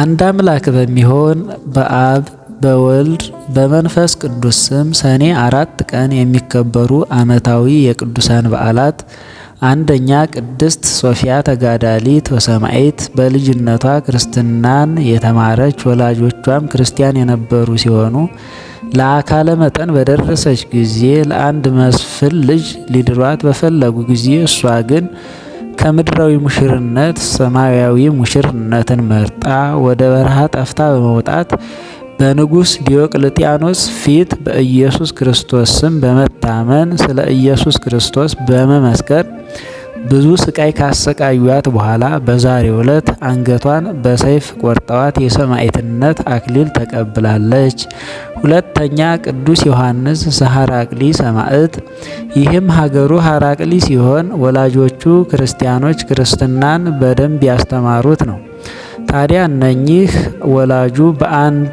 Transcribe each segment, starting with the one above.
አንድ አምላክ በሚሆን በአብ በወልድ በመንፈስ ቅዱስ ስም ሰኔ አራት ቀን የሚከበሩ ዓመታዊ የቅዱሳን በዓላት፣ አንደኛ ቅድስት ሶፊያ ተጋዳሊት ወሰማዕት በልጅነቷ ክርስትናን የተማረች ወላጆቿም ክርስቲያን የነበሩ ሲሆኑ ለአካለ መጠን በደረሰች ጊዜ ለአንድ መስፍን ልጅ ሊድሯት በፈለጉ ጊዜ እሷ ግን ከምድራዊ ሙሽርነት ሰማያዊ ሙሽርነትን መርጣ ወደ በረሃ ጠፍታ በመውጣት በንጉሥ ዲዮቅልጥያኖስ ፊት በኢየሱስ ክርስቶስ ስም በመታመን ስለ ኢየሱስ ክርስቶስ በመመስከር ብዙ ስቃይ ካሰቃዩት በኋላ በዛሬው ዕለት አንገቷን በሰይፍ ቆርጠዋት የሰማዕትነት አክሊል ተቀብላለች። ሁለተኛ ቅዱስ ዮሐንስ ዘሐራቅሊ ሰማዕት። ይህም ሀገሩ ሐራቅሊ ሲሆን ወላጆቹ ክርስቲያኖች ክርስትናን በደንብ ያስተማሩት ነው። ታዲያ እነኚህ ወላጁ በአንድ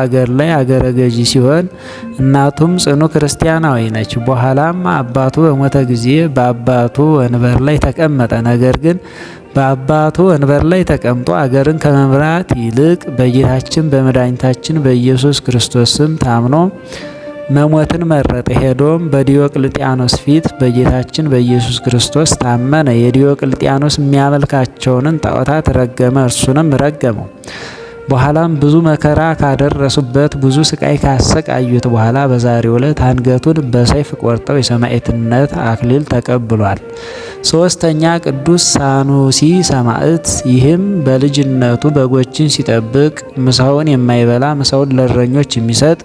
አገር ላይ አገረ ገዢ ሲሆን እናቱም ጽኑ ክርስቲያናዊ ነች። በኋላም አባቱ በሞተ ጊዜ በአባቱ ወንበር ላይ ተቀመጠ። ነገር ግን በአባቱ ወንበር ላይ ተቀምጦ አገርን ከመምራት ይልቅ በጌታችን በመድኃኒታችን በኢየሱስ ክርስቶስም ታምኖ መሞትን መረጠ። ሄዶም በዲዮቅልጥያኖስ ፊት በጌታችን በኢየሱስ ክርስቶስ ታመነ። የዲዮቅልጥያኖስ የሚያመልካቸውንን ጣዖታት ረገመ፣ እርሱንም ረገመው። በኋላም ብዙ መከራ ካደረሱበት ብዙ ስቃይ ካሰቃዩት በኋላ በዛሬው ዕለት አንገቱን በሰይፍ ቆርጠው የሰማዕትነት አክሊል ተቀብሏል። ሶስተኛ ቅዱስ ሳኑሲ ሰማዕት። ይህም በልጅነቱ በጎችን ሲጠብቅ ምሳውን የማይበላ ምሳውን ለረኞች የሚሰጥ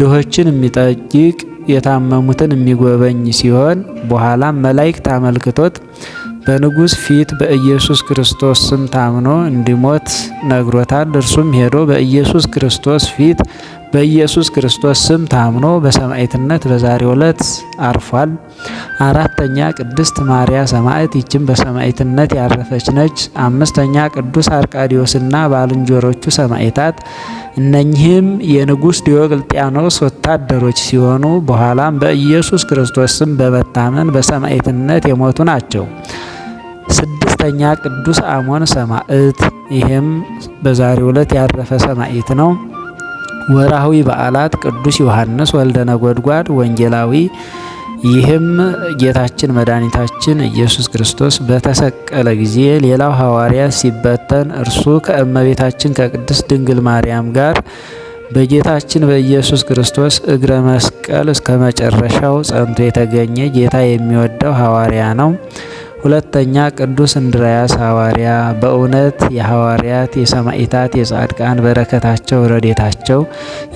ድሆችን የሚጠይቅ የታመሙትን የሚጎበኝ ሲሆን በኋላም መላእክት አመልክቶት በንጉስ ፊት በኢየሱስ ክርስቶስ ስም ታምኖ እንዲሞት ነግሮታል። እርሱም ሄዶ በኢየሱስ ክርስቶስ ፊት በኢየሱስ ክርስቶስ ስም ታምኖ በሰማዕትነት በዛሬው ዕለት አርፏል። አራተኛ ቅድስት ማርያ ሰማዕት፣ ይችም በሰማዕትነት ያረፈች ነች። አምስተኛ ቅዱስ አርቃዲዮስና ባልንጀሮቹ ሰማዕታት። እነኚህም የንጉሥ ዲዮቅልጥያኖስ ወታደሮች ሲሆኑ በኋላም በኢየሱስ ክርስቶስ ስም በመታመን በሰማዕትነት የሞቱ ናቸው። ስድስተኛ ቅዱስ አሞን ሰማዕት፣ ይህም በዛሬው ዕለት ያረፈ ሰማዕት ነው። ወርሃዊ በዓላት ቅዱስ ዮሐንስ ወልደ ነጎድጓድ ወንጌላዊ ይህም ጌታችን መድኃኒታችን ኢየሱስ ክርስቶስ በተሰቀለ ጊዜ ሌላው ሐዋርያ ሲበተን እርሱ ከእመቤታችን ከቅድስት ድንግል ማርያም ጋር በጌታችን በኢየሱስ ክርስቶስ እግረ መስቀል እስከ መጨረሻው ጸንቶ የተገኘ ጌታ የሚወደው ሐዋርያ ነው። ሁለተኛ ቅዱስ እንድርያስ ሐዋርያ በእውነት የሐዋርያት የሰማዕታት የጻድቃን በረከታቸው ረዴታቸው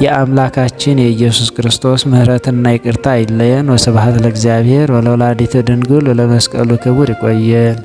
የአምላካችን የኢየሱስ ክርስቶስ ምሕረትና ይቅርታ አይለየን። ወስብሐት ለእግዚአብሔር ወለወላዲቱ ድንግል ወለመስቀሉ ክቡር። ይቆየን።